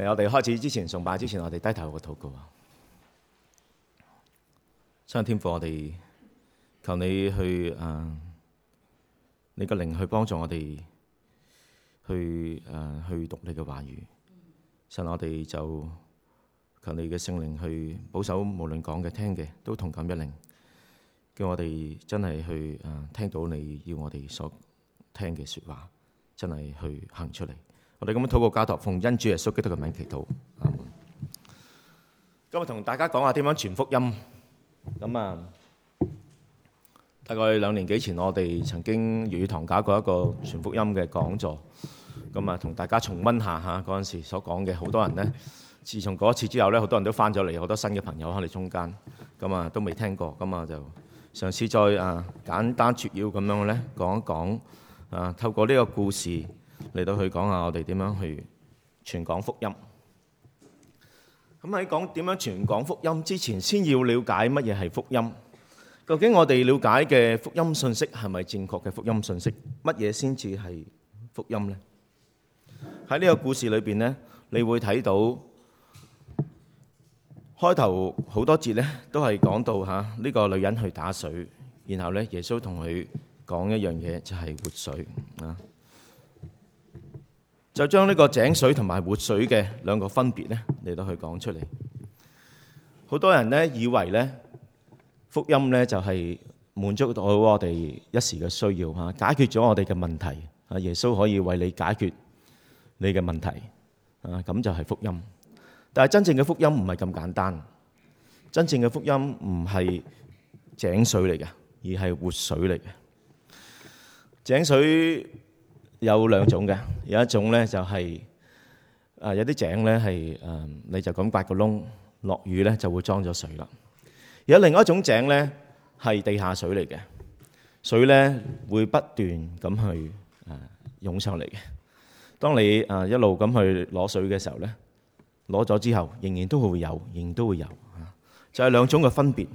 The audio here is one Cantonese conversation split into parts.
誒，我哋開始之前，崇拜之前，我哋低頭嘅禱告啊！親天父，我哋求你去誒，你嘅靈去幫助我哋去誒，去讀你嘅話語。神，我哋就求你嘅聖靈去保守，無論講嘅、聽嘅，都同感一靈。叫我哋真係去誒，聽到你要我哋所聽嘅說話，真係去行出嚟。我哋咁樣禱告交託，奉恩主耶穌基督嘅名祈禱。今日同大家講下點樣傳福音。咁啊，大概兩年幾前，我哋曾經粵語堂搞過一個傳福音嘅講座。咁啊，同大家重溫下吓嗰陣時所講嘅。好多人咧，自從嗰次之後咧，好多人都翻咗嚟，好多新嘅朋友喺我哋中間。咁啊，都未聽過。咁啊，就上次再，啊，簡單撮要咁樣咧，講一講啊，透過呢個故事。嚟到去講下我哋點樣去傳講福音。咁喺講點樣傳講福音之前，先要了解乜嘢係福音？究竟我哋了解嘅福音信息係咪正確嘅福音信息？乜嘢先至係福音呢？喺呢個故事裏邊呢，你會睇到開頭好多節呢都係講到吓呢個女人去打水，然後呢耶穌同佢講一樣嘢就係活水啊。就將呢個井水同埋活水嘅兩個分別咧嚟到去講出嚟。好多人咧以為咧福音咧就係滿足到我哋一時嘅需要嚇，解決咗我哋嘅問題啊！耶穌可以為你解決你嘅問題啊，咁就係福音。但係真正嘅福音唔係咁簡單，真正嘅福音唔係井水嚟嘅，而係活水嚟嘅。井水。有兩種嘅，有一種咧就係啊，有啲井咧係，嗯，你就咁掘個窿，落雨咧就會裝咗水啦。有另外一種井咧係地下水嚟嘅，水咧會不斷咁去啊湧上嚟嘅。當你啊一路咁去攞水嘅時候咧，攞咗之後仍然都會有，仍然都會有啊，就係兩種嘅分別。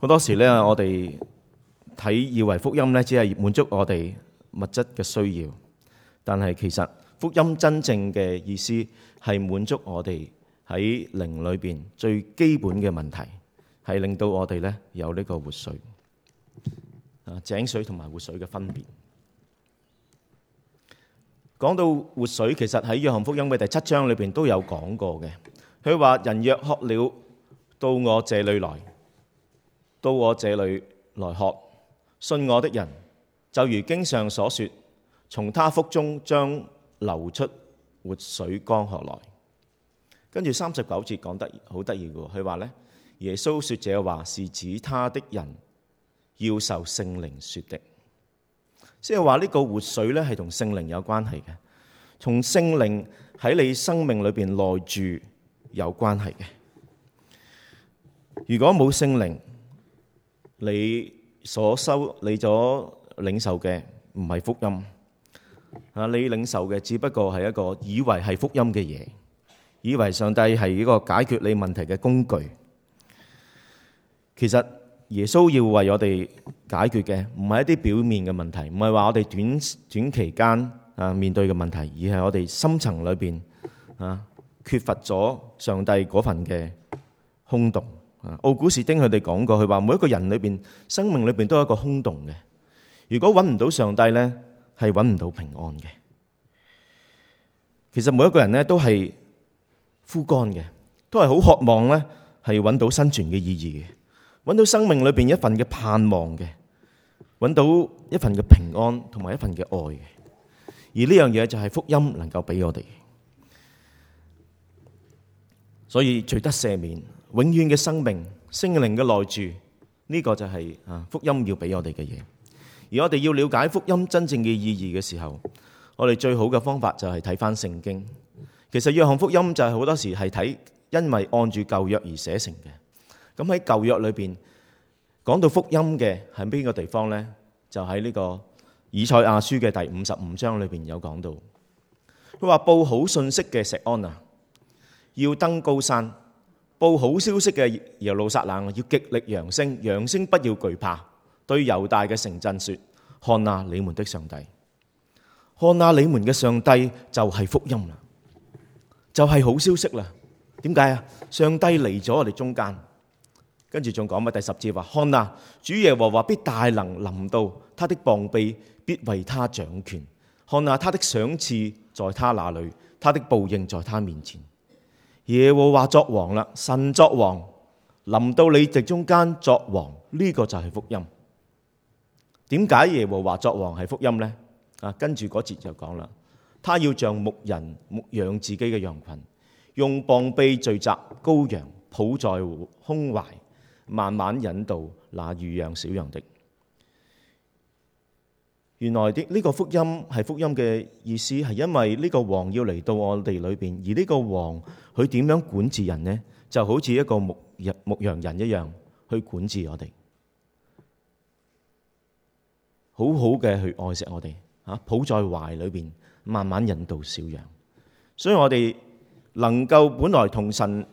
好多時咧，我哋睇以為福音咧，只係滿足我哋物質嘅需要。但係，其實福音真正嘅意思係滿足我哋喺靈裏邊最基本嘅問題，係令到我哋咧有呢個活水，井水同埋活水嘅分別。講到活水，其實喺約翰福音嘅第七章裏邊都有講過嘅。佢話：人若渴了，到我這裏來，到我這裏來喝。信我的人，就如經上所說，從他腹中將流出活水江河來，跟住三十九節講得好得意嘅，佢話咧，耶穌說這話是指他的人要受聖靈說的，即係話呢個活水咧係同聖靈有關係嘅，從聖靈喺你生命裏邊內住有關係嘅。如果冇聖靈，你所收你所領受嘅唔係福音。啊！你領受嘅只不過係一個以為係福音嘅嘢，以為上帝係一個解決你問題嘅工具。其實耶穌要為我哋解決嘅，唔係一啲表面嘅問題，唔係話我哋短短期間啊面對嘅問題，而係我哋深層裏邊啊缺乏咗上帝嗰份嘅空洞。奧古士丁佢哋講過，佢話每一個人裏邊生命裏邊都有一個空洞嘅。如果揾唔到上帝呢？係揾唔到平安嘅。其實每一個人咧都係枯乾嘅，都係好渴望咧係揾到生存嘅意義嘅，揾到生命裏邊一份嘅盼望嘅，揾到一份嘅平安同埋一份嘅愛嘅。而呢樣嘢就係福音能夠俾我哋。所以罪得赦免，永遠嘅生命，聖靈嘅內住，呢、這個就係啊福音要俾我哋嘅嘢。而我哋要了解福音真正嘅意義嘅時候，我哋最好嘅方法就係睇返聖經。其實約翰福音就係好多時係睇，因為按住舊約而寫成嘅。咁喺舊約裏邊講到福音嘅係邊個地方咧？就喺呢個以賽亞書嘅第五十五章裏邊有講到。佢話：報好信息嘅錫安啊，要登高山；報好消息嘅耶路撒冷啊，要極力揚聲，揚聲不要懼怕。對猶大嘅城鎮說：，看啊，你們的上帝，看啊，你們嘅上帝就係福音啦，就係、是、好消息啦。點解啊？上帝嚟咗我哋中間，跟住仲講乜第十節話：，看啊，主耶和華必大能臨到，他的膀臂必為他掌權。看下他的賞賜在他那裏，他的報應在他面前。耶和華作王啦，神作王，臨到你哋中間作王，呢、這個就係福音。點解耶和華作王係福音呢？啊，跟住嗰節就講啦，他要像牧人牧養自己嘅羊群，用膀臂聚集羔羊，抱在胸懷，慢慢引導那乳養小羊的。原來的呢、這個福音係福音嘅意思，係因為呢個王要嚟到我哋裏邊，而呢個王佢點樣管治人呢？就好似一個牧牧羊人一樣，去管治我哋。好好嘅去愛錫我哋，吓，抱在懷裏邊，慢慢引導小羊。所以我哋能夠本來同神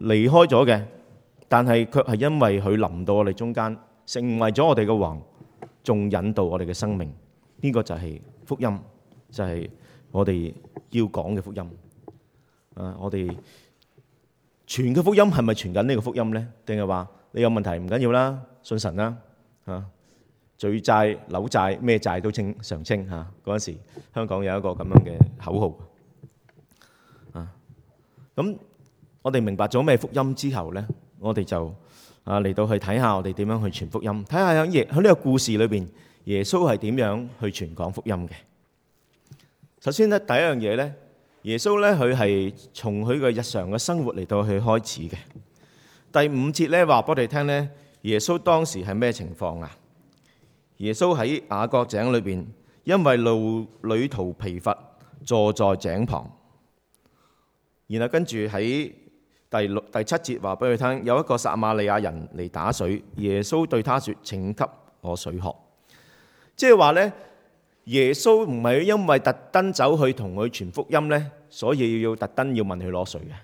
離開咗嘅，但係卻係因為佢臨到我哋中間，成為咗我哋嘅王，仲引導我哋嘅生命。呢個就係福音，就係我哋要講嘅福音。誒，我哋傳嘅福音係咪傳緊呢個福音呢？定係話你有問題唔緊要啦，信神啦，吓。罪債樓債咩債都清，常清吓，嗰陣時，香港有一個咁樣嘅口號啊。咁我哋明白咗咩福音之後咧，我哋就啊嚟到去睇下我哋點樣去傳福音，睇下喺耶喺呢個故事裏邊，耶穌係點樣去傳講福音嘅。首先咧，第一樣嘢咧，耶穌咧佢係從佢嘅日常嘅生活嚟到去開始嘅。第五節咧話俾我哋聽咧，耶穌當時係咩情況啊？耶穌喺雅各井裏邊，因為路旅途疲乏，坐在井旁。然後跟住喺第六、第七節話俾佢聽，有一個撒瑪利亞人嚟打水，耶穌對他說：請給我水喝。即係話呢，耶穌唔係因為特登走去同佢傳福音呢，所以要特登要問佢攞水嘅，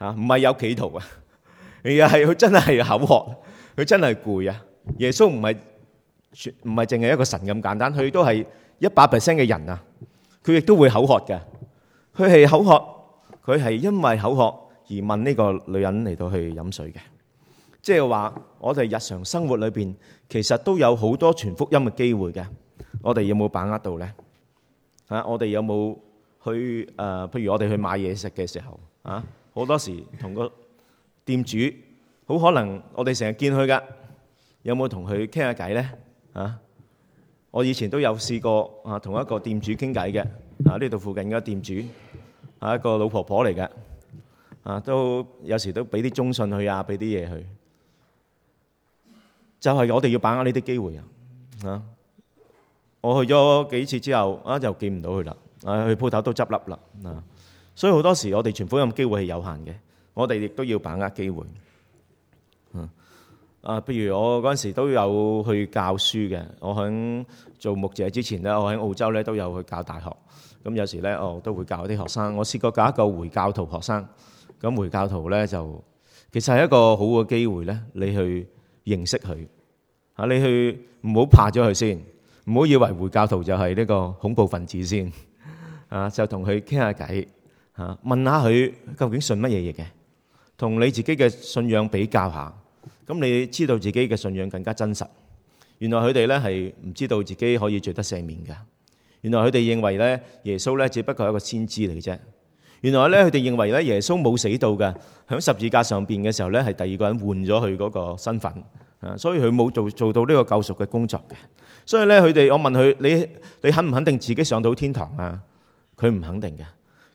吓唔係有企圖啊，而係佢真係口渴，佢真係攰啊。耶穌唔係。唔係淨係一個神咁簡單，佢都係一百 percent 嘅人啊！佢亦都會口渴嘅，佢係口渴，佢係因為口渴而問呢個女人嚟到去飲水嘅。即係話，我哋日常生活裏邊其實都有好多傳福音嘅機會嘅，我哋有冇把握到呢？啊，我哋有冇去誒、呃？譬如我哋去買嘢食嘅時候，啊，好多時同個店主好可能我哋成日見佢噶，有冇同佢傾下偈呢？啊！我以前都有試過啊，同一個店主傾偈嘅啊，呢度附近嘅店主係、啊、一個老婆婆嚟嘅啊，都有時都俾啲忠信去啊，俾啲嘢去。就係、是、我哋要把握呢啲機會啊！啊，我去咗幾次之後啊，就見唔到佢啦，啊，去、啊、鋪頭都執笠啦啊！所以好多時我哋傳福音機會係有限嘅，我哋亦都要把握機會，嗯、啊。啊，譬如我嗰陣時都有去教書嘅，我喺做牧者之前咧，我喺澳洲咧都有去教大學。咁有時咧，我都會教啲學生，我試過教一個回教徒學生。咁回教徒咧就其實係一個好嘅機會咧，你去認識佢吓，你去唔好怕咗佢先，唔好以為回教徒就係呢個恐怖分子先啊，就同佢傾下偈吓，問下佢究竟信乜嘢嘢嘅，同你自己嘅信仰比較下。咁你知道自己嘅信仰更加真實。原來佢哋咧係唔知道自己可以罪得赦免嘅。原來佢哋認為咧耶穌咧只不過係一個先知嚟嘅啫。原來咧佢哋認為咧耶穌冇死到嘅，響十字架上邊嘅時候咧係第二個人換咗佢嗰個身份啊，所以佢冇做做到呢個救贖嘅工作嘅。所以咧佢哋，我問佢，你你肯唔肯定自己上到天堂啊？佢唔肯定嘅。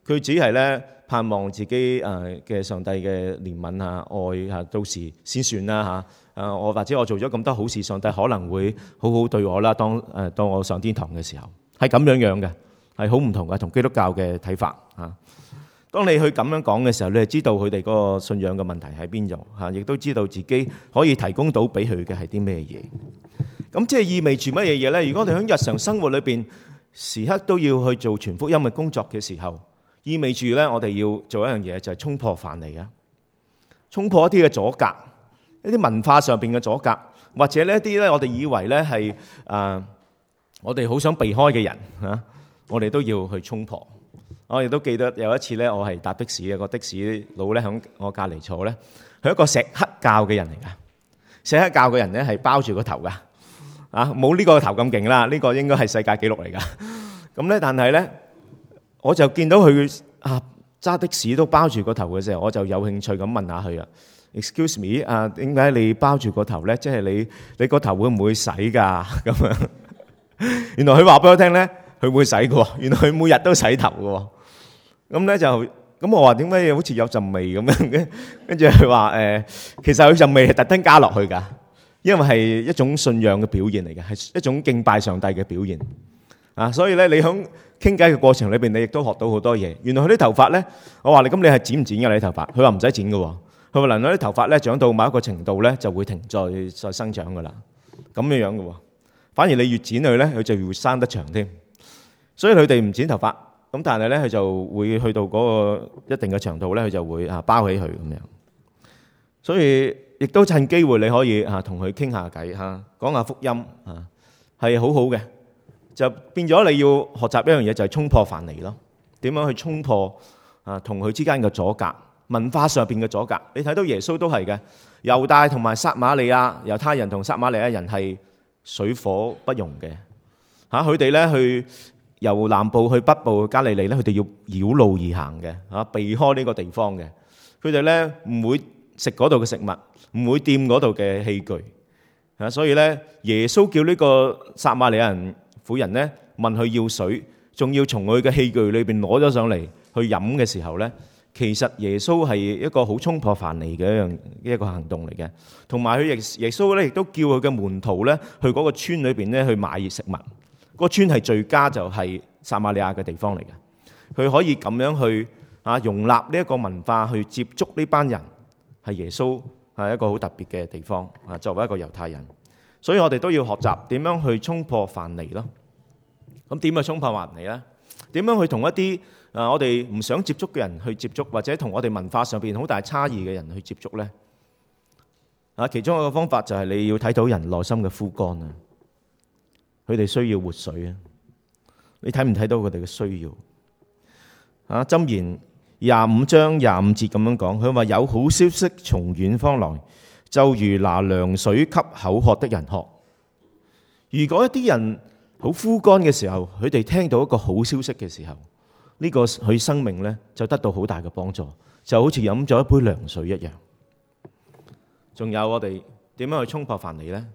佢只係咧盼望自己誒嘅上帝嘅憐憫啊、愛啊，到時先算啦嚇。誒我或者我做咗咁多好事，上帝可能會好好對我啦。當誒當我上天堂嘅時候，係咁樣樣嘅，係好唔同嘅，同基督教嘅睇法嚇。當你去咁樣講嘅時候，你係知道佢哋嗰個信仰嘅問題喺邊度嚇，亦都知道自己可以提供到俾佢嘅係啲咩嘢。咁即係意味住乜嘢嘢咧？如果我哋喺日常生活裏邊時刻都要去做傳福音嘅工作嘅時候，意味住咧，我哋要做一樣嘢，就係衝破藩籬嚟㗎。衝破一啲嘅阻隔，一啲文化上邊嘅阻隔，或者咧一啲咧我哋以為咧係啊，我哋好想避開嘅人嚇，我哋都要去衝破。我亦都記得有一次咧，我係搭的士嘅，個的士佬咧響我隔離坐咧，佢一個錫克教嘅人嚟噶。錫克教嘅人咧係包住個頭噶，啊冇呢個頭咁勁啦，呢個應該係世界紀錄嚟噶。咁咧，但係咧。我就見到佢啊揸的士都包住個頭嘅時候，我就有興趣咁問下佢啊，Excuse me，啊點解你包住個頭咧？即係你你個頭會唔會洗噶？咁樣原來佢話俾我聽咧，佢會洗過。原來佢每日都洗頭㗎。咁咧，就咁我話點解好似有陣味咁樣嘅？跟住佢話誒，其實有陣味係特登加落去㗎，因為係一種信仰嘅表現嚟嘅，係一種敬拜上帝嘅表現啊。所以咧，你響傾偈嘅過程裏邊，你亦都學到好多嘢。原來佢啲頭髮呢，我話你咁，你係剪唔剪嘅你頭髮？佢話唔使剪嘅喎。佢話原來啲頭髮呢，長到某一個程度呢，就會停在在生長嘅啦。咁樣樣嘅喎，反而你越剪佢呢，佢就越會生得長添。所以佢哋唔剪頭髮，咁但係呢，佢就會去到嗰個一定嘅長度呢，佢就會啊包起佢咁樣。所以亦都趁機會你可以啊同佢傾下偈嚇，講下福音啊，係好好嘅。就變咗你要學習一樣嘢，就係衝破藩籬咯。點樣去衝破啊？同佢之間嘅阻隔，文化上邊嘅阻隔。你睇到耶穌都係嘅，猶大同埋撒瑪利亞，猶太人同撒瑪利亞人係水火不容嘅嚇。佢哋咧去由南部去北部嘅加利利咧，佢哋要繞路而行嘅嚇，避開呢個地方嘅。佢哋咧唔會食嗰度嘅食物，唔會掂嗰度嘅器具嚇。所以咧，耶穌叫呢個撒瑪利亞人。婦人呢，問佢要水，仲要從佢嘅器具裏邊攞咗上嚟去飲嘅時候呢，其實耶穌係一個好衝破藩籬嘅一樣一個行動嚟嘅。同埋佢亦耶穌呢亦都叫佢嘅門徒呢去嗰個村裏邊呢去買食物。個村係最佳就係撒瑪利亞嘅地方嚟嘅，佢可以咁樣去啊容納呢一個文化去接觸呢班人，係耶穌係一個好特別嘅地方啊，作為一個猶太人。所以我哋都要學習點樣去衝破藩籬咯。咁點去衝破藩籬呢？點樣去同一啲啊我哋唔想接觸嘅人去接觸，或者同我哋文化上面好大差異嘅人去接觸呢？啊，其中一個方法就係你要睇到人內心嘅枯乾啊，佢哋需要活水啊。你睇唔睇到佢哋嘅需要？啊，箴言廿五章廿五節咁樣講，佢話有好消息從遠方來。就如拿涼水給口渴的人喝。如果一啲人好枯乾嘅時候，佢哋聽到一個好消息嘅時候，呢、這個佢生命呢就得到好大嘅幫助，就好似飲咗一杯涼水一樣。仲有我哋點樣去衝破藩籬呢？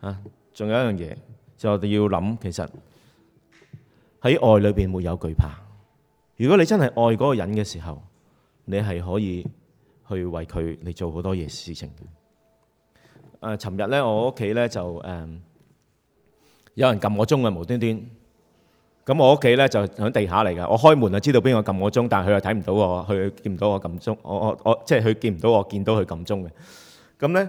啊，仲有一樣嘢就我哋要諗，其實喺愛裏邊沒有懼怕。如果你真係愛嗰個人嘅時候，你係可以。去為佢哋做好多嘢事情的。誒、呃，尋日咧，我屋企咧就誒、呃、有人撳我鐘嘅，無端端。咁我屋企咧就喺地下嚟嘅，我開門就知道邊個撳我鐘，但係佢又睇唔到我，佢見唔到我撳鐘，我我我即係佢見唔到我見到佢撳鐘嘅。咁咧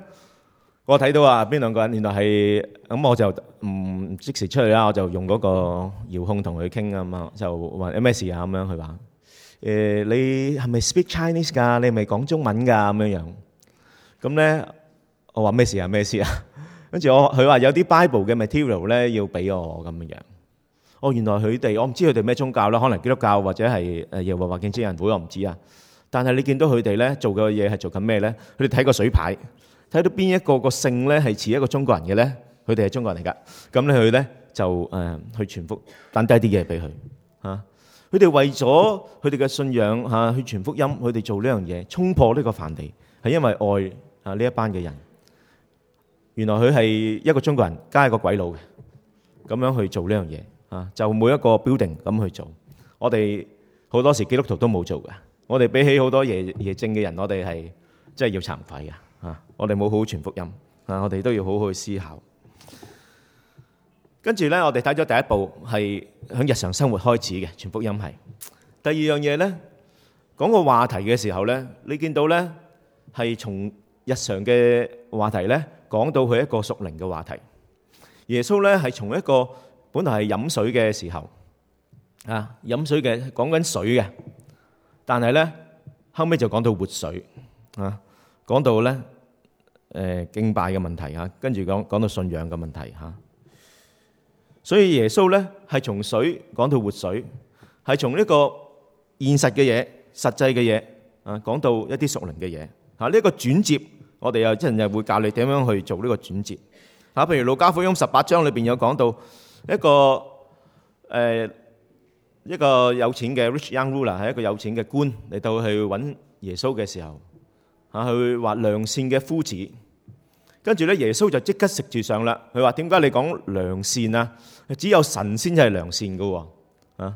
我睇到啊邊兩個人，原來係咁，我就唔即時出去啦，我就用嗰個遙控同佢傾啊嘛，就話有咩事啊？咁樣佢話。誒，你係咪 speak Chinese 㗎？你係咪講中文㗎？咁樣樣，咁咧，我話咩事啊？咩事啊？跟住我，佢話有啲 Bible 嘅 material 咧，要俾我咁樣樣。哦，原來佢哋，我唔知佢哋咩宗教啦，可能基督教或者係誒耶和華見證人會，我唔知啊。但係你見到佢哋咧做嘅嘢係做緊咩咧？佢哋睇個水牌，睇到邊一個個姓咧係似一個中國人嘅咧，佢哋係中國人嚟㗎。咁咧佢咧就誒去傳福音，低啲嘢俾佢吓。佢哋為咗佢哋嘅信仰嚇去傳福音，佢哋做呢樣嘢，衝破呢個範疇，係因為愛啊呢一班嘅人。原來佢係一個中國人加一個鬼佬嘅，咁樣去做呢樣嘢啊！就每一個 building 咁去做。我哋好多時候基督徒都冇做嘅。我哋比起好多耶耶證嘅人，我哋係真係要慚愧嘅啊！我哋冇好好傳福音啊！我哋都要好好去思考。跟住咧，我哋睇咗第一部，係喺日常生活開始嘅傳福音係。第二樣嘢咧，講個話題嘅時候咧，你見到咧係從日常嘅話題咧，講到去一個屬靈嘅話題。耶穌咧係從一個本來係飲水嘅時候啊，飲水嘅講緊水嘅，但係咧後尾就講到活水啊，講到咧誒敬拜嘅問題啊，跟住講講到信仰嘅問題吓。所以耶穌咧係從水講到活水，係從呢個現實嘅嘢、實際嘅嘢啊講到一啲屬靈嘅嘢。嚇呢一個轉接，我哋又一陣又會教你點樣去做呢個轉接。嚇，譬如《路加福音》十八章裏邊有講到一個誒、呃、一個有錢嘅 rich young ruler 係一個有錢嘅官嚟到去揾耶穌嘅時候嚇，去畫良善嘅夫子。跟住咧，耶穌就即刻食住上啦。佢話：點解你講良善啊？只有神先係良善㗎喎。啊，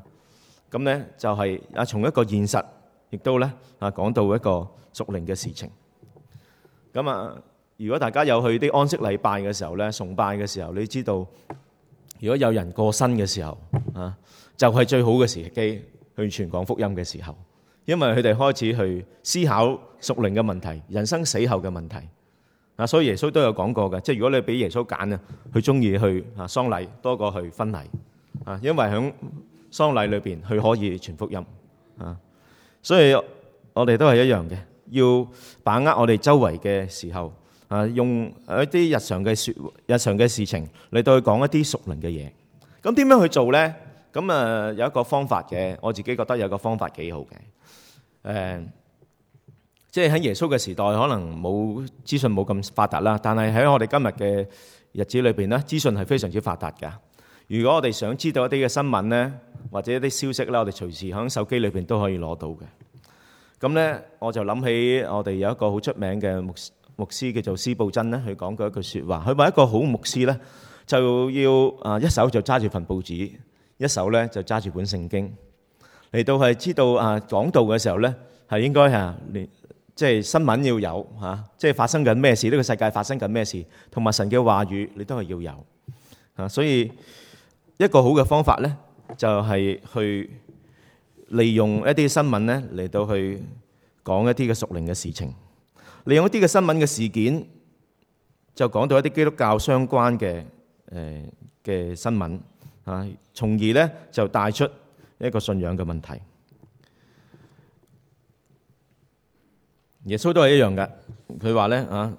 咁咧就係啊，從一個現實，亦都咧啊，講到一個屬靈嘅事情。咁啊，如果大家有去啲安息禮拜嘅時候咧，崇拜嘅時候，你知道，如果有人過身嘅時候啊，就係最好嘅時機去傳講福音嘅時候，因為佢哋開始去思考屬靈嘅問題、人生死後嘅問題。啊，所以耶穌都有講過嘅，即係如果你俾耶穌揀啊，佢中意去啊喪禮多過去婚禮啊，因為喺喪禮裏邊佢可以傳福音啊，所以我哋都係一樣嘅，要把握我哋周圍嘅時候啊，用一啲日常嘅説、日常嘅事情嚟到去講一啲熟稔嘅嘢。咁點樣去做呢？咁啊有一個方法嘅，我自己覺得有個方法幾好嘅，誒。即係喺耶穌嘅時代，可能冇資訊冇咁發達啦。但係喺我哋今日嘅日子裏邊咧，資訊係非常之發達嘅。如果我哋想知道一啲嘅新聞咧，或者一啲消息啦，我哋隨時喺手機裏邊都可以攞到嘅。咁咧，我就諗起我哋有一個好出名嘅牧牧師，叫做司布真咧，佢講過一句說話。佢話一個好牧師咧，就要啊一手就揸住份報紙，一手咧就揸住本聖經嚟，到係知道啊講道嘅時候咧，係應該啊你。即係新聞要有嚇，即係發生緊咩事？呢個世界發生緊咩事？同埋神嘅話語，你都係要有嚇。所以一個好嘅方法咧，就係去利用一啲新聞咧嚟到去講一啲嘅屬靈嘅事情，利用一啲嘅新聞嘅事件，就講到一啲基督教相關嘅誒嘅新聞嚇，從而咧就帶出一個信仰嘅問題。耶穌都係一樣嘅，佢話咧啊，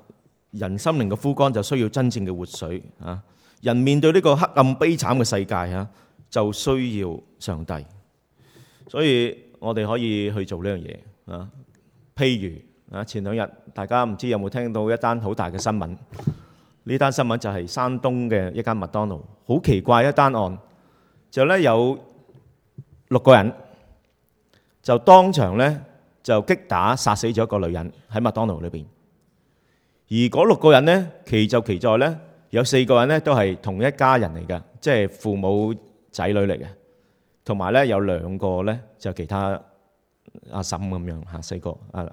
人心靈嘅枯乾就需要真正嘅活水啊！人面對呢個黑暗悲慘嘅世界啊，就需要上帝，所以我哋可以去做呢樣嘢啊。譬如啊，前兩日大家唔知有冇聽到一單好大嘅新聞？呢單新聞就係山東嘅一間麥當勞，好奇怪一單案，就咧有六個人就當場咧。就擊打殺死咗一個女人喺麥當勞裏邊，而嗰六個人呢，其就其在呢，有四個人呢都係同一家人嚟㗎，即係父母仔女嚟嘅，同埋呢有兩個呢就其他阿嬸咁樣吓，四個阿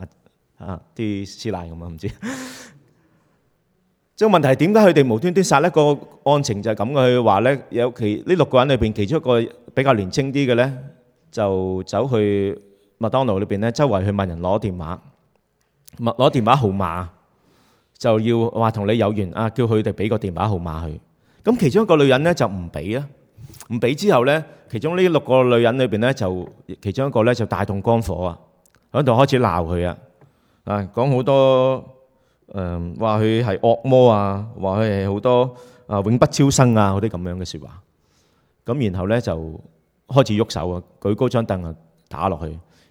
阿啲師奶咁樣，唔知即係問題係點解佢哋無端端殺一個案情就係咁去話呢？有其呢六個人裏邊，其中一個比較年青啲嘅呢，就走去麥當勞裏邊咧，周圍去問人攞電話，麥攞電話號碼，就要話同你有緣啊，叫佢哋俾個電話號碼佢。咁其中一個女人咧就唔俾啊，唔俾之後咧，其中呢六個女人裏邊咧就其中一個咧就大動肝火啊，喺度開始鬧佢啊，啊講好多誒話佢係惡魔啊，話佢係好多啊永不超生啊嗰啲咁樣嘅説話。咁然後咧就開始喐手啊，舉高張凳啊打落去。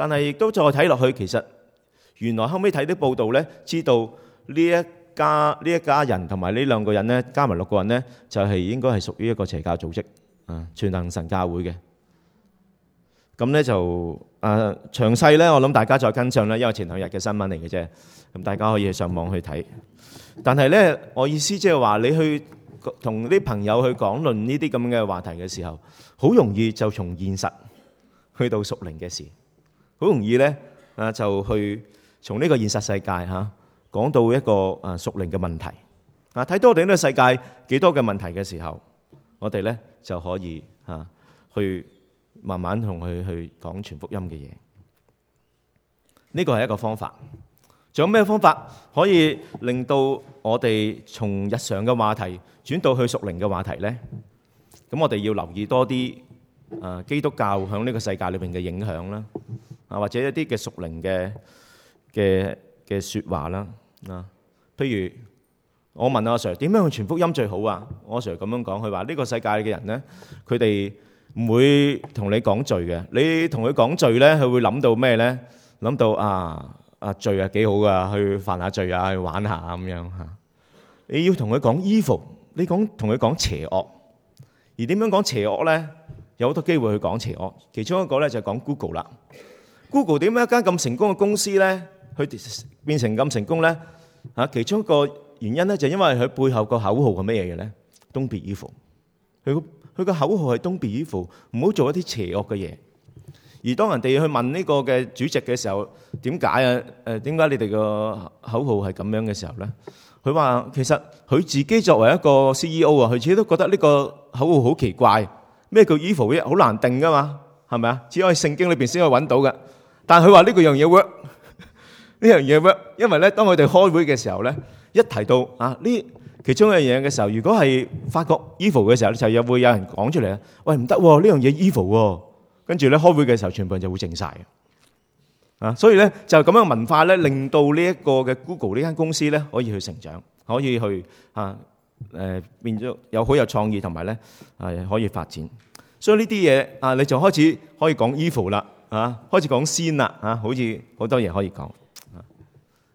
但係亦都再睇落去，其實原來後尾睇啲報道呢，知道呢一家呢一家人同埋呢兩個人呢，加埋六個人呢，就係應該係屬於一個邪教組織啊，全能神教會嘅。咁呢就啊，詳細呢，我諗大家再跟上啦，因為前兩日嘅新聞嚟嘅啫。咁大家可以上網去睇。但係呢，我意思即係話，你去同啲朋友去講論呢啲咁嘅話題嘅時候，好容易就從現實去到屬靈嘅事。好容易呢，啊就去從呢個現實世界吓講到一個啊屬靈嘅問題啊，睇到我哋呢個世界幾多嘅問題嘅時候，我哋呢就可以啊去慢慢同佢去講全福音嘅嘢。呢個係一個方法。仲有咩方法可以令到我哋從日常嘅話題轉到去屬靈嘅話題呢？咁我哋要留意多啲啊，基督教響呢個世界裏面嘅影響啦。啊，或者一啲嘅熟齡嘅嘅嘅説話啦啊，譬如我問阿 Sir 點樣去傳福音最好啊？我阿 Sir 咁樣講，佢話呢個世界嘅人咧，佢哋唔會同你講罪嘅。你同佢講罪咧，佢會諗到咩咧？諗到啊啊罪啊幾好噶，去犯下罪啊，去玩下咁樣嚇。你要同佢講 evil，你講同佢講邪惡，而點樣講邪惡咧？有好多機會去講邪惡。其中一個咧就係講 Google 啦。Google 點解一間咁成功嘅公司咧？佢變成咁成功咧嚇，其中一個原因咧就係因為佢背後個口號係乜嘢嘅咧？Don’t be evil。佢佢個口號係 Don’t be evil，唔好做一啲邪惡嘅嘢。而當人哋去問呢個嘅主席嘅時候，點解啊？誒點解你哋個口號係咁樣嘅時候咧？佢話其實佢自己作為一個 CEO 啊，佢自己都覺得呢個口號好奇怪。咩叫 evil 咧？好難定噶嘛，係咪啊？只可以聖經裏邊先可以揾到㗎。但佢話呢個樣嘢 work，呢樣嘢 work，因為咧當佢哋開會嘅時候咧，一提到啊呢其中一樣嘢嘅時候，如果係發覺 evil 嘅時候咧，就又會有人講出嚟啊！喂，唔得喎，呢樣嘢 evil 喎，跟住咧開會嘅時候，全部人就會靜晒啊！所以咧就咁樣文化咧，令到呢一個嘅 Google 呢間公司咧，可以去成長，可以去啊誒變咗有好有創意，同埋咧係可以發展。所以呢啲嘢啊，你就開始可以講 evil 啦。啊，開始講先啦，啊，好似好多嘢可以講。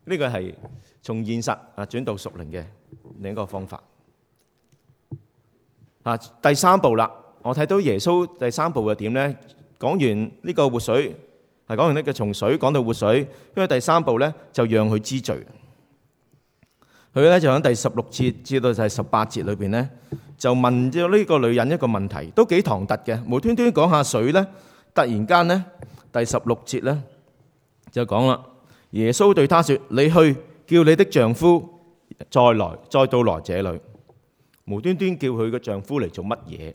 呢個係從現實啊轉到屬靈嘅另一個方法。啊，第三步啦，我睇到耶穌第三步嘅點呢？講完呢個活水，係講完呢個從水講到活水，因為第三步呢，就讓佢知罪。佢呢就喺第十六節至到就十八節裏邊呢，就，就問咗呢個女人一個問題，都幾唐突嘅，無端端講下水呢？突然間呢，第十六節呢，就講啦，耶穌對他說：你去叫你的丈夫再來，再到來這裏。無端端叫佢嘅丈夫嚟做乜嘢？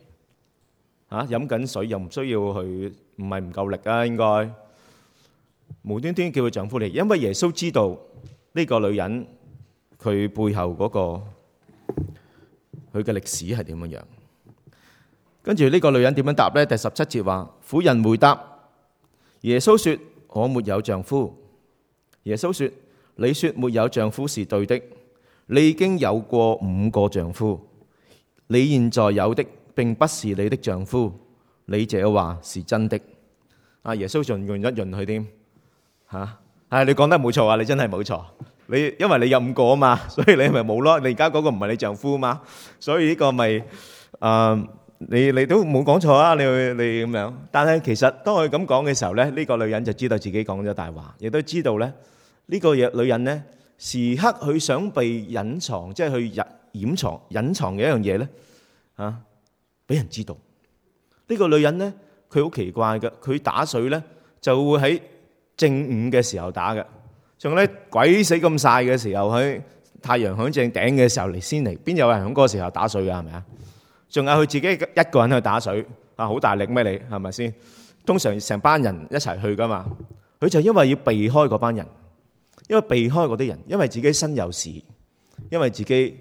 吓、啊，飲緊水又唔需要佢，唔係唔夠力啊？應該不不無端端叫佢丈夫嚟，因為耶穌知道呢個女人佢背後嗰、那個佢嘅歷史係點樣樣。跟住呢個女人點樣答呢？第十七節話，婦人回答耶穌：說，我沒有丈夫。耶穌說：你說沒有丈夫是對的。你已經有過五個丈夫，你現在有的並不是你的丈夫。你這話是真的。阿耶穌潤潤一潤佢添，吓，唉，你講得冇錯啊！你真係冇錯，你因為你有五個啊嘛，所以你咪冇咯。你而家嗰個唔係你丈夫嘛，所以呢個咪，嗯。你你都冇講錯啊！你你咁樣，但係其實當佢咁講嘅時候咧，呢個女人就知道自己講咗大話，亦都知道咧呢個嘢女人咧，時刻佢想被隱藏，即係去掩藏隱藏嘅一樣嘢咧啊！俾人知道呢個女人咧，佢好奇怪嘅，佢打水咧就會喺正午嘅時候打嘅，仲有咧鬼死咁曬嘅時候喺，太陽響正頂嘅時候嚟先嚟，邊有人響嗰個時候打水嘅係咪啊？仲有佢自己一個人去打水，啊好大力咩你，係咪先？通常成班人一齊去㗎嘛，佢就因為要避開嗰班人，因為避開嗰啲人，因為自己身有事，因為自己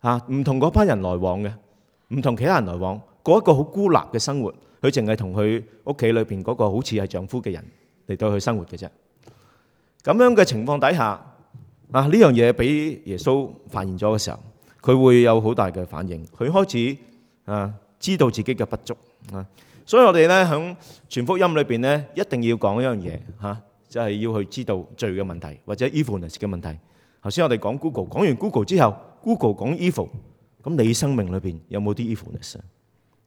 啊唔同嗰班人來往嘅，唔同其他人來往，過一個好孤立嘅生活，佢淨係同佢屋企裏邊嗰個好似係丈夫嘅人嚟到去生活嘅啫。咁樣嘅情況底下，啊呢樣嘢俾耶穌發現咗嘅時候，佢會有好大嘅反應，佢開始。啊，知道自己嘅不足啊，所以我哋咧喺傳福音裏邊咧，一定要講一樣嘢吓，就係要去知道罪嘅問題或者 evilness 嘅問題。頭先我哋講 Google，講完 Google 之後，Google 講 evil，咁你生命裏邊有冇啲 evilness？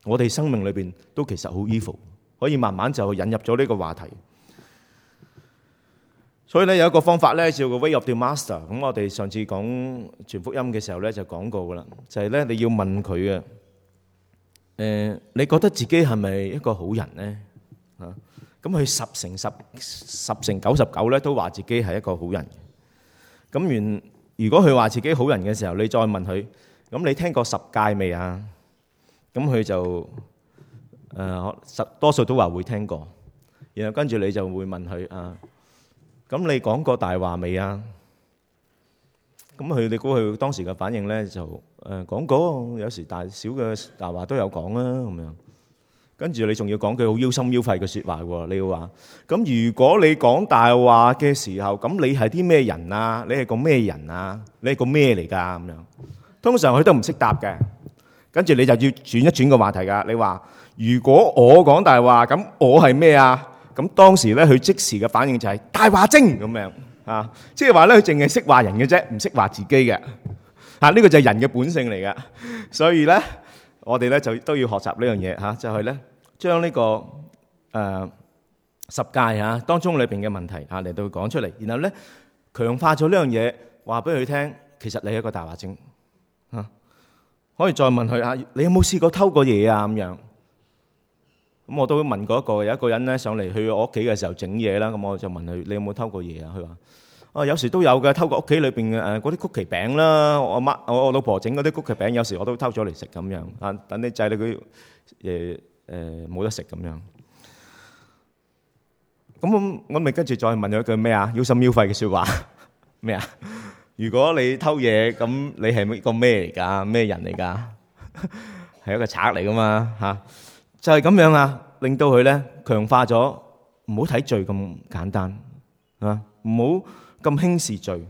我哋生命裏邊都其實好 evil，可以慢慢就引入咗呢個話題。所以咧有一個方法咧叫個 The Way of the Master。咁我哋上次講傳福音嘅時候咧就講過噶啦，就係咧你要問佢嘅。誒，你覺得自己係咪一個好人呢？吓，咁佢十成十十成九十九咧都話自己係一個好人。咁完，如果佢話自己好人嘅時候，你再問佢，咁你聽過十誡未啊？咁佢就誒，十多數都話會聽過。然後跟住你就會問佢啊，咁你講過大話未啊？咁你估佢當時嘅反應咧，就誒講過，有時大小嘅大話都有講啦咁樣。跟住你仲要講句好腰心腰肺嘅説話喎，你要話，咁如果你講大話嘅時候，咁你係啲咩人啊？你係個咩人啊？你係個咩嚟㗎？咁樣通常佢都唔識答嘅。跟住你就要轉一轉個話題㗎。你話如果我講大話，咁我係咩啊？咁當時咧佢即時嘅反應就係大話精咁樣。啊，即係話咧，佢淨係識話人嘅啫，唔識話自己嘅吓。呢個就係人嘅本性嚟嘅，所以咧，我哋咧就都要學習呢樣嘢吓，就係咧將呢、這個誒、呃、十誡吓、啊、當中裏邊嘅問題吓嚟、啊、到講出嚟，然後咧強化咗呢樣嘢，話俾佢聽，其實你係一個大話精吓、啊。可以再問佢啊，你有冇試過偷過嘢啊？咁樣。咁我都問過一個，有一個人咧上嚟去我屋企嘅時候整嘢啦，咁我就問佢：你有冇偷過嘢啊？佢話：啊，有時都有嘅，偷過屋企裏邊誒嗰啲曲奇餅啦，我阿媽、我我老婆整嗰啲曲奇餅，有時我都偷咗嚟食咁樣啊。等你制到佢誒誒冇得食咁樣。咁我咪跟住再問佢一句咩啊？要心要肺嘅説話咩啊？如果你偷嘢，咁你係一個咩嚟噶？咩人嚟噶？係一個賊嚟噶嘛？嚇！就係咁樣啊，令到佢咧強化咗，唔好睇罪咁簡單啊，唔好咁輕視罪。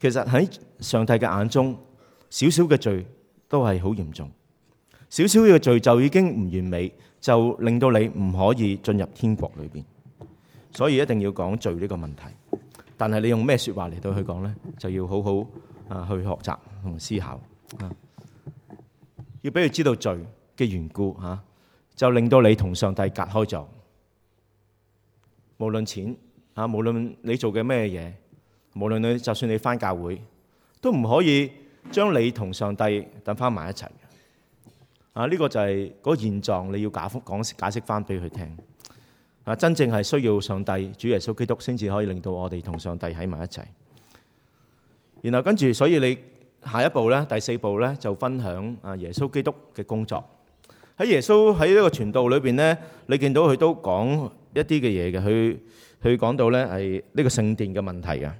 其實喺上帝嘅眼中，少少嘅罪都係好嚴重。少少嘅罪就已經唔完美，就令到你唔可以進入天國裏邊。所以一定要講罪呢個問題。但係你用咩說話嚟到佢講咧，就要好好啊去學習同思考啊。要俾佢知道罪嘅緣故吓。就令到你同上帝隔開咗。無論錢啊，無論你做嘅咩嘢，無論你就算你翻教會，都唔可以將你同上帝等翻埋一齊。啊，呢、呢個就係個現狀，你要講講講解講解釋翻俾佢聽。啊，真正係需要上帝主耶穌基督先至可以令到我哋同上帝喺埋一齊。然後跟住，所以你下一步呢，第四步呢，就分享啊耶穌基督嘅工作。喺耶穌喺呢個傳道裏邊咧，你見到佢都講一啲嘅嘢嘅，佢佢講到咧係呢個聖殿嘅問題啊！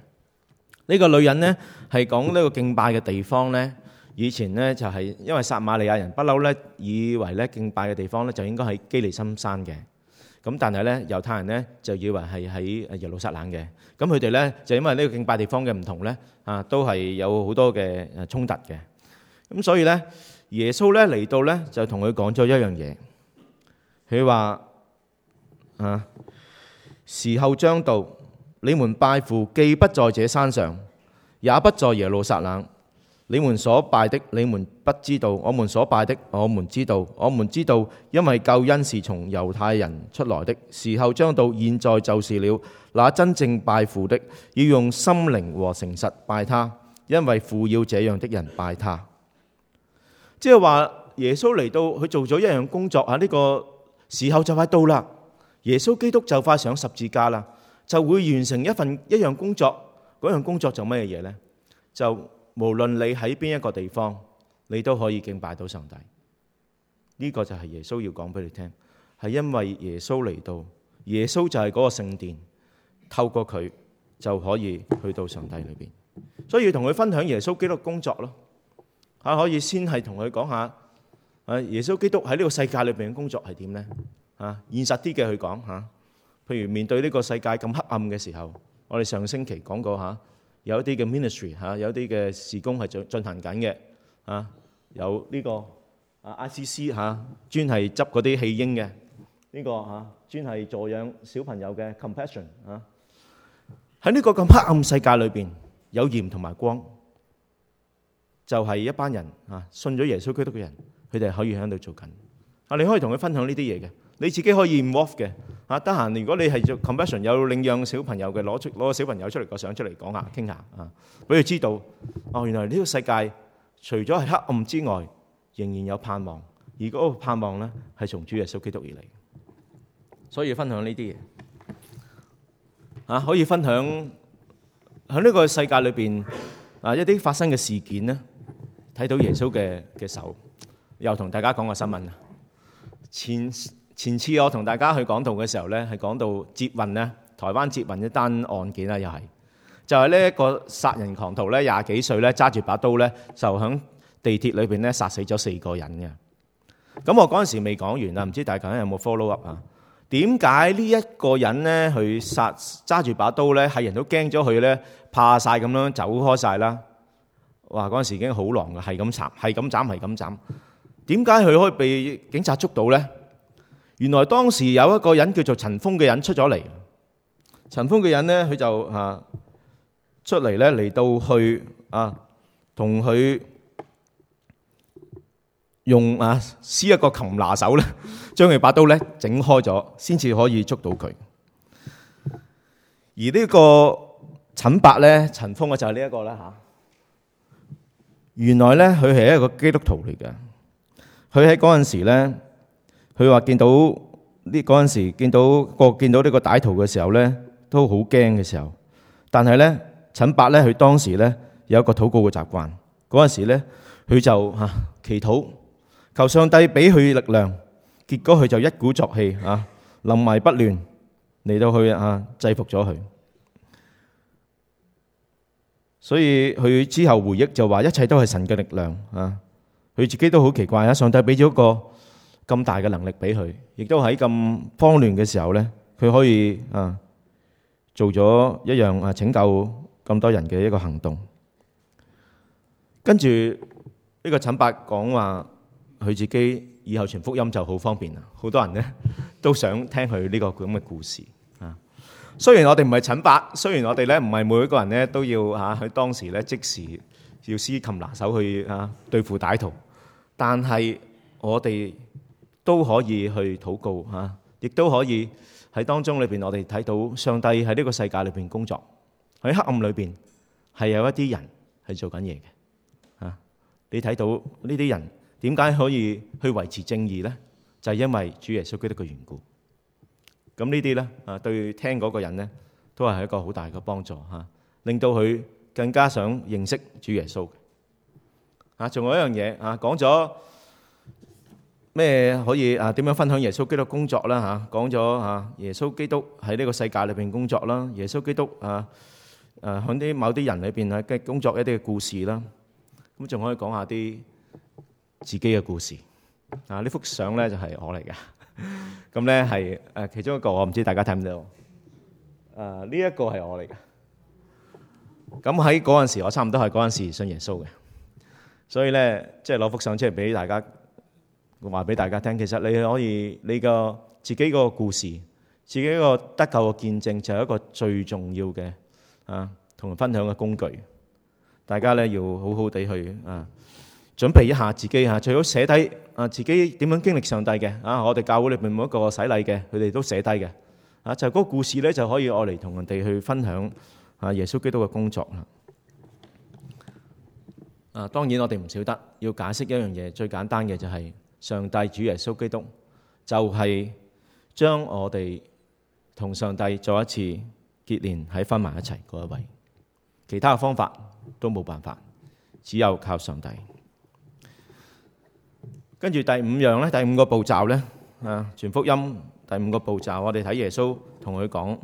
呢個女人咧係講呢個敬拜嘅地方咧，以前咧就係因為撒瑪利亞人不嬲咧以為咧敬拜嘅地方咧就應該喺基利心山嘅，咁但係咧猶太人咧就以為係喺耶路撒冷嘅，咁佢哋咧就因為呢個敬拜地方嘅唔同咧，啊都係有好多嘅誒衝突嘅，咁所以咧。耶穌呢，嚟到呢，就同佢講咗一樣嘢。佢話：啊，時候將到，你們拜父既不在這山上，也不在耶路撒冷。你們所拜的，你們不知道；我們所拜的，我們知道。我們知道，因為救恩是從猶太人出來的。時候將到，現在就是了。那真正拜父的，要用心靈和誠實拜他，因為父要這樣的人拜他。即係話，耶穌嚟到佢做咗一樣工作啊，呢個時候就快到啦，耶穌基督就快上十字架啦，就會完成一份一樣工作。嗰樣工作就乜嘢嘢呢？就無論你喺邊一個地方，你都可以敬拜到上帝。呢個就係耶穌要講俾你聽，係因為耶穌嚟到，耶穌就係嗰個聖殿，透過佢就可以去到上帝裏邊。所以要同佢分享耶穌基督工作咯。啊，可以先係同佢講下，啊，耶穌基督喺呢個世界裏邊嘅工作係點咧？啊，現實啲嘅去講嚇、啊，譬如面對呢個世界咁黑暗嘅時候，我哋上星期講過嚇，有一啲嘅 ministry 嚇，有啲嘅事工係進進行緊嘅，啊，有呢、啊啊、個 ICC，啊 ICC 嚇，專係執嗰啲棄嬰嘅，呢、這個嚇專係助養小朋友嘅 compassion 嚇、啊，喺呢個咁黑暗世界裏邊，有鹽同埋光。就係一班人啊，信咗耶穌基督嘅人，佢哋可以喺度做緊啊！你可以同佢分享呢啲嘢嘅，你自己可以 involve 嘅啊！得閒，如果你係做 compassion 有領養小朋友嘅，攞出攞個小朋友出嚟個相出嚟講下傾下啊！俾佢知道啊、哦！原來呢個世界除咗係黑暗之外，仍然有盼望，而嗰個盼望咧係從主耶穌基督而嚟。所以分享呢啲嘢啊，可以分享喺呢個世界裏邊啊一啲發生嘅事件咧。睇到耶穌嘅嘅手，又同大家講個新聞。前前次我同大家去講道嘅時候呢，係講到捷運呢，台灣捷運的一單案件啦，又係就係呢一個殺人狂徒呢，廿幾歲呢，揸住把刀呢，就響地鐵裏邊呢殺死咗四個人嘅。咁我嗰陣時未講完啊，唔知大家有冇 follow up 啊？點解呢一個人呢？佢殺揸住把刀呢，係人都驚咗佢呢，怕晒咁樣走開晒啦？話嗰陣時已經好狼嘅，係咁插，係咁斬，係咁斬。點解佢可以被警察捉到咧？原來當時有一個人叫做陳鋒嘅人出咗嚟。陳鋒嘅人咧，佢就嚇、啊、出嚟咧，嚟到去啊，同佢用啊撕一個擒拿手咧，將佢把刀咧整開咗，先至可以捉到佢。而呢個陳伯咧，陳鋒嘅就係呢一個啦嚇。啊。原來咧，佢係一個基督徒嚟嘅。佢喺嗰陣時咧，佢話見到呢嗰陣時見到個見到呢個歹徒嘅時候咧，都好驚嘅時候。但係咧，陳伯咧，佢當時咧，有一個禱告嘅習慣。嗰陣時咧，佢就嚇祈禱，求上帝俾佢力量。結果佢就一鼓作氣啊，臨危不亂嚟到去啊，制服咗佢。所以佢之後回憶就話：一切都係神嘅力量啊！佢自己都好奇怪啊！上帝俾咗一個咁大嘅能力俾佢，亦都喺咁慌亂嘅時候呢，佢可以啊做咗一樣啊拯救咁多人嘅一個行動。跟住呢個陳伯講話，佢自己以後傳福音就好方便啦！好多人呢都想聽佢呢個咁嘅故事。雖然我哋唔係陳伯，雖然我哋咧唔係每一個人咧都要啊，佢當時咧即時要施擒拿手去啊對付歹徒，但係我哋都可以去禱告啊，亦都可以喺當中裏邊，我哋睇到上帝喺呢個世界裏邊工作，喺黑暗裏邊係有一啲人係做緊嘢嘅啊，你睇到呢啲人點解可以去維持正義咧？就係因為主耶穌基督嘅緣故。咁呢啲咧，啊，對聽嗰個人咧，都係一個好大嘅幫助吓，令到佢更加想認識主耶穌嘅。啊，仲有一樣嘢啊，講咗咩可以啊？點樣分享耶穌基督工作啦？吓，講咗啊，耶穌基督喺呢個世界裏邊工作啦，耶穌基督啊，誒，喺啲某啲人裏邊嘅工作一啲嘅故事啦。咁仲可以講下啲自己嘅故事。啊，呢幅相咧就係我嚟嘅。咁咧係誒， 其中一個我唔知大家睇唔到誒，呢一個係我嚟嘅。咁喺嗰陣時，我差唔多係嗰陣時信耶穌嘅，所以咧即係攞幅相出嚟俾大家話俾大家聽。其實你可以你個自己個故事，自己個得救嘅見證，就係一個最重要嘅啊，同人分享嘅工具。大家咧要好好地去啊。準備一下自己嚇，最好寫低啊！自己點樣經歷上帝嘅啊？我哋教會裏面每一個洗禮嘅，佢哋都寫低嘅啊。就嗰個故事咧，就可以愛嚟同人哋去分享啊！耶穌基督嘅工作啊！當然我哋唔少得要解釋一樣嘢，最簡單嘅就係上帝主耶穌基督就係將我哋同上帝再一次結連喺返埋一齊。各位，其他嘅方法都冇辦法，只有靠上帝。跟住第五樣咧，第五個步驟咧，啊，傳福音第五個步驟，我哋睇耶穌同佢講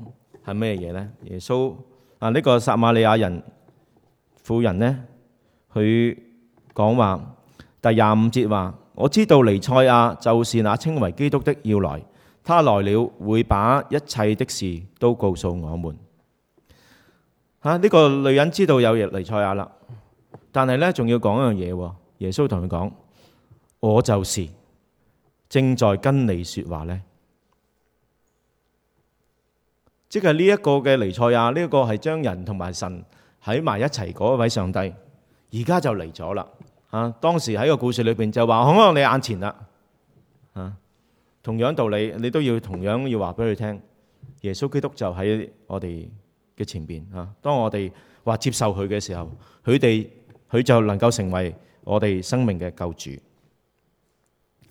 係咩嘢咧？耶穌啊，呢個撒瑪利亞人婦人咧，佢講話第廿五節話：我知道彌賽亞就是那稱為基督的要來，他來了會把一切的事都告訴我們。吓，呢個女人知道有耶彌賽亞啦，但係咧仲要講一樣嘢，耶穌同佢講。我就是正在跟你說話呢，即係呢一個嘅尼賽亞呢、呢個係將人同埋神喺埋一齊嗰位上帝，而家就嚟咗啦。啊，當時喺個故事裏邊就話喺我哋眼前啦。啊，同樣道理，你都要同樣要話俾佢聽，耶穌基督就喺我哋嘅前邊啊。當我哋話接受佢嘅時候，佢哋佢就能夠成為我哋生命嘅救主。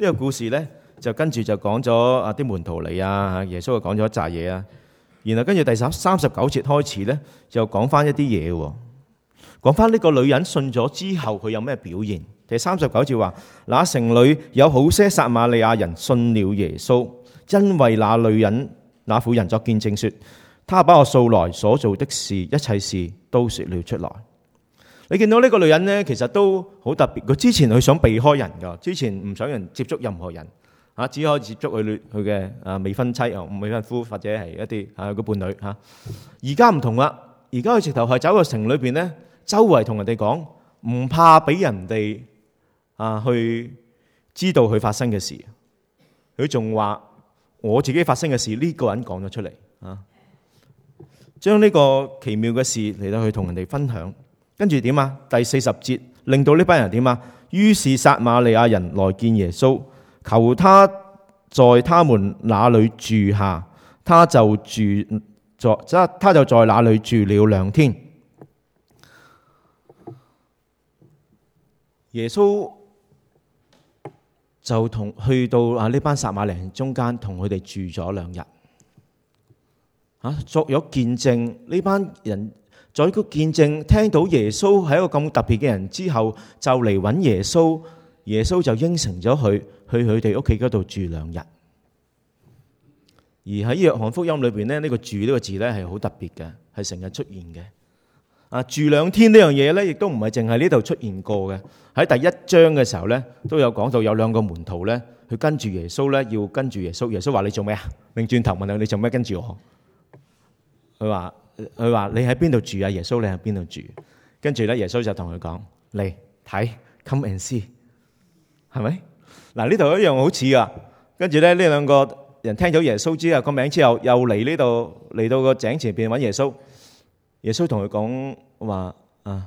呢個故事呢，就跟住就講咗啊啲門徒嚟啊，耶穌就講咗一紮嘢啊，然後跟住第三三十九節開始呢，就講翻一啲嘢喎，講翻呢個女人信咗之後佢有咩表現？第三十九節話：嗱，城裏有好些撒瑪利亞人信了耶穌，因為那女人那婦人作見證說，她把我素來所做的事，一切事都説了出來。」你見到呢個女人呢，其實都好特別。佢之前佢想避開人噶，之前唔想人接觸任何人啊，只可以接觸佢佢嘅啊未婚妻哦，未婚夫或者係一啲啊個伴侶嚇。而家唔同啦，而家佢直頭係走入城裏邊呢，周圍同人哋講，唔怕俾人哋啊去知道佢發生嘅事。佢仲話我自己發生嘅事呢，呢個人講咗出嚟啊，將呢個奇妙嘅事嚟到去同人哋分享。跟住點啊？第四十節令到呢班人點啊？於是撒瑪利亞人來見耶穌，求他在他們那裏住下，他就住在，即係，他就在那裏住了兩天。耶穌就同去到啊呢班撒瑪利亞人中間，同佢哋住咗兩日。作咗見證呢班人。在個見證聽到耶穌係一個咁特別嘅人之後，就嚟搵耶穌，耶穌就應承咗佢去佢哋屋企嗰度住兩日。而喺約翰福音裏邊咧，呢個住呢個字咧係好特別嘅，係成日出現嘅。啊，住兩天呢樣嘢咧，亦都唔係淨係呢度出現過嘅。喺第一章嘅時候咧，都有講到有兩個門徒咧，佢跟住耶穌咧，要跟住耶穌。耶穌話你做咩啊？擰轉頭問佢：你做咩跟住我？佢話。佢話你喺邊度住啊？耶穌，你喺邊度住？跟住咧，耶穌就同佢講嚟睇，come and see，係咪？嗱呢度一樣好似啊。跟住咧，呢兩個人聽咗耶穌之後個名之後，又嚟呢度嚟到個井前邊揾耶穌。耶穌同佢講話啊，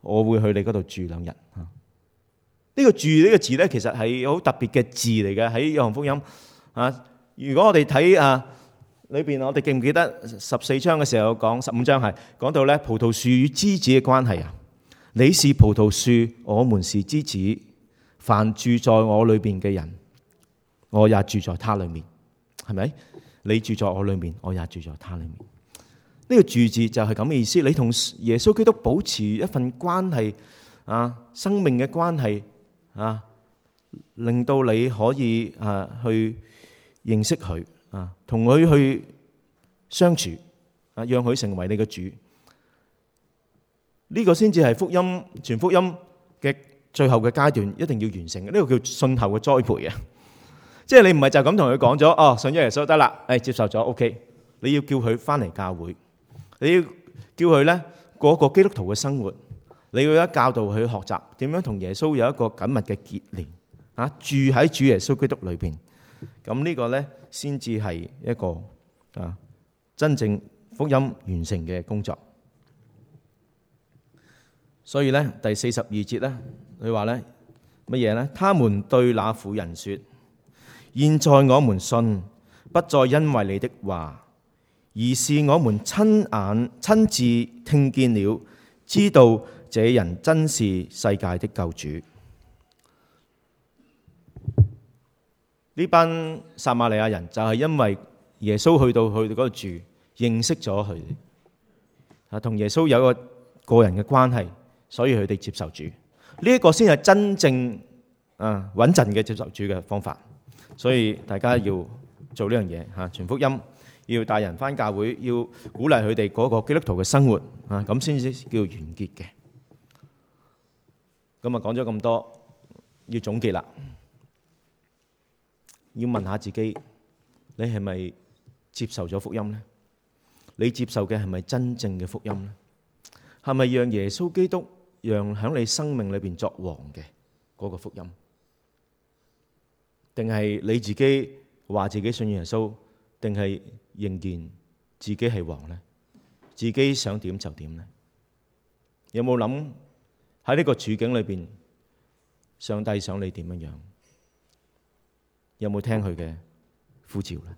我會去你嗰度住兩日。呢個住呢個字咧，其實係好特別嘅字嚟嘅喺《約翰福音》啊。如果我哋睇啊。裏邊我哋記唔記得十四章嘅時候，講十五章係講到咧葡萄樹與枝子嘅關係啊，你是葡萄樹，我們是枝子。凡住在我裏邊嘅人，我也住在他裏面，係咪？你住在我裏面，我也住在他裏面。呢個住字就係咁嘅意思。你同耶穌基督保持一份關係啊，生命嘅關係啊，令到你可以啊去認識佢。啊，同佢去相處啊，讓佢成為你嘅主，呢個先至係福音全福音嘅最後嘅階段，一定要完成。呢個叫信後嘅栽培啊，即係你唔係就咁同佢講咗哦，信咗耶穌得啦，誒、哎、接受咗，O K。OK，你要叫佢翻嚟教會，你要叫佢呢過一個基督徒嘅生活，你要咧教導佢學習點樣同耶穌有一個緊密嘅結連啊，住喺主耶穌基督裏邊。咁呢個呢。先至係一個啊真正福音完成嘅工作，所以咧第四十二節咧，佢話咧乜嘢咧？他們對那婦人說：「現在我們信，不再因為你的話，而是我們親眼親自聽見了，知道這人真是世界的救主。呢班撒瑪利亞人就係因為耶穌去到佢哋嗰度住，認識咗佢，啊，同耶穌有個個人嘅關係，所以佢哋接受主。呢一個先係真正啊穩陣嘅接受主嘅方法。所以大家要做呢樣嘢吓傳福音，要帶人返教會，要鼓勵佢哋嗰個基督徒嘅生活啊，咁先至叫完結嘅。咁啊，講咗咁多，要總結啦。要問下自己，你係咪接受咗福音呢？你接受嘅係咪真正嘅福音呢？係咪讓耶穌基督讓喺你生命裏邊作王嘅嗰個福音？定係你自己話自己信耶穌？定係仍然自己係王呢？自己想點就點呢？有冇諗喺呢個處境裏邊，上帝想你點樣樣？有冇聽佢嘅呼召咧？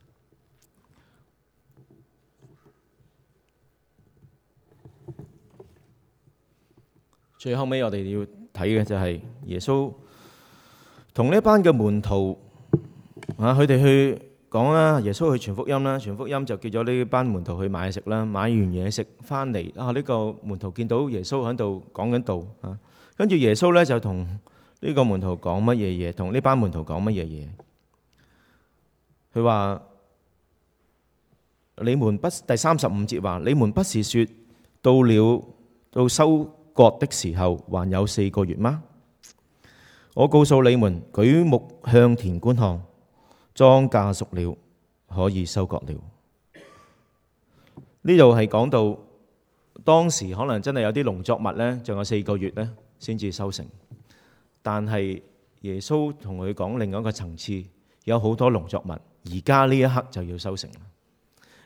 最後尾，我哋要睇嘅就係耶穌同呢班嘅門徒啊，佢哋去講啦，耶穌去傳福音啦，傳福音就叫咗呢班門徒去買嘢食啦。買完嘢食翻嚟啊，呢個門徒見到耶穌喺度講緊道啊，跟住耶穌咧就同呢個門徒講乜嘢嘢，同呢班門徒講乜嘢嘢。佢話：你們不第三十五節話，你們不是說到了到收割的時候還有四個月嗎？我告訴你們，舉目向田觀看，莊稼熟了，可以收割了。呢度係講到當時可能真係有啲農作物呢，仲有四個月呢先至收成。但係耶穌同佢講另外一個層次，有好多農作物。而家呢一刻就要收成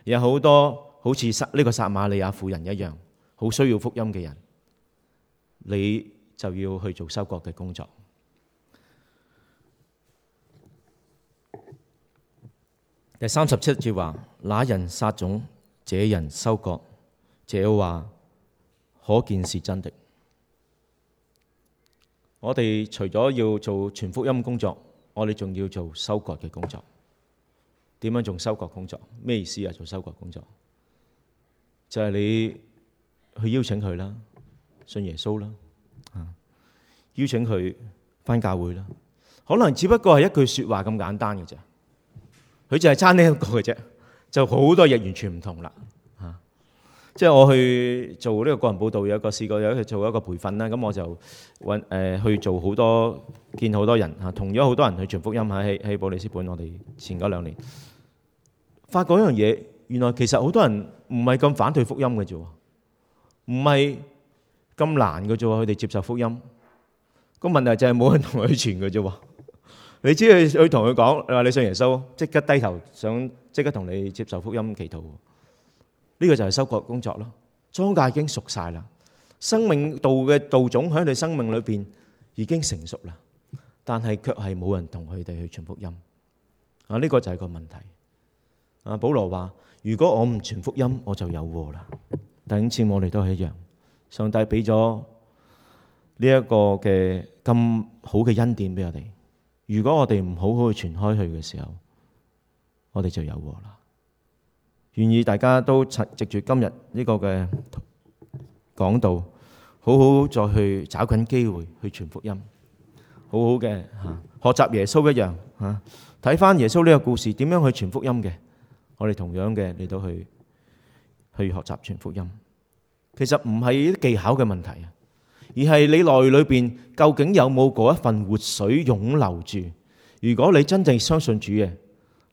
有好多好似呢個撒瑪利亞婦人一樣，好需要福音嘅人，你就要去做收割嘅工作。第三十七節話：那人撒種，這人收割，這話可見是真的。我哋除咗要做全福音工作，我哋仲要做收割嘅工作。點樣做收割工作？咩意思啊？做收割工作，就係、是、你去邀請佢啦，信耶穌啦，啊，邀請佢返教會啦，可能只不過係一句說話咁簡單嘅啫。佢就係差呢一個嘅啫，就好多嘢完全唔同啦。啊，即係我去做呢個個人報道，有一個試過有去做一個培訓啦，咁我就搵誒、呃、去做好多見好多人啊，同咗好多人去傳福音喺喺布里斯本，我哋前嗰兩年。發覺一樣嘢，原來其實好多人唔係咁反對福音嘅啫，唔係咁難嘅啫。佢哋接受福音個問題就係冇人同佢傳嘅啫。你只要去同佢講，你話你信耶穌，即刻低頭想，即刻同你接受福音祈禱。呢個就係收割工作咯，莊稼已經熟晒啦，生命道嘅道種喺你生命裏邊已經成熟啦，但係卻係冇人同佢哋去傳福音啊。呢個就係個問題。保羅話，如果我唔傳福音，我就有禍啦。第二次我哋都係一樣，上帝俾咗呢一個嘅咁好嘅恩典俾我哋。如果我哋唔好好去傳開去嘅時候，我哋就有禍啦。願意大家都趁藉住今日呢個嘅講道，好好再去找緊機會去傳福音，好好嘅吓，學習耶穌一樣吓，睇返耶穌呢個故事點樣去傳福音嘅。我哋同樣嘅，你都去去學習傳福音。其實唔係啲技巧嘅問題，而係你內裏邊究竟有冇嗰一份活水湧流住？如果你真正相信主嘅，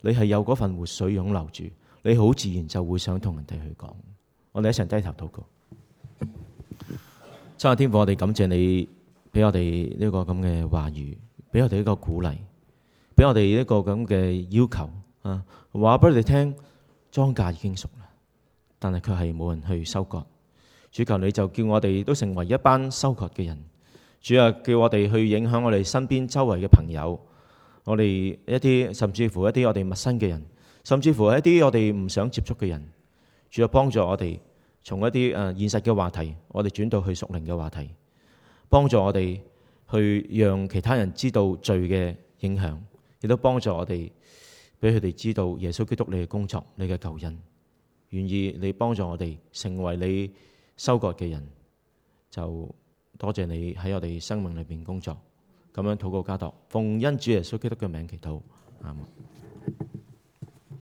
你係有嗰份活水湧流住，你好自然就會想同人哋去講。我哋一齊低頭禱告。今日天父，我哋感謝你俾我哋呢個咁嘅話語，俾我哋一個鼓勵，俾我哋一個咁嘅要求。啊！話俾你哋聽，莊稼已經熟啦，但係佢係冇人去收割。主求你就叫我哋都成為一班收割嘅人。主要叫我哋去影響我哋身邊周圍嘅朋友，我哋一啲甚至乎一啲我哋陌生嘅人，甚至乎一啲我哋唔想接觸嘅人。主要幫助我哋從一啲誒現實嘅話題，我哋轉到去屬靈嘅話題，幫助我哋去讓其他人知道罪嘅影響，亦都幫助我哋。俾佢哋知道耶穌基督你嘅工作，你嘅救恩，願意你幫助我哋成為你收割嘅人，就多謝你喺我哋生命裏邊工作，咁樣禱告交託，奉恩主耶穌基督嘅名祈禱，阿門。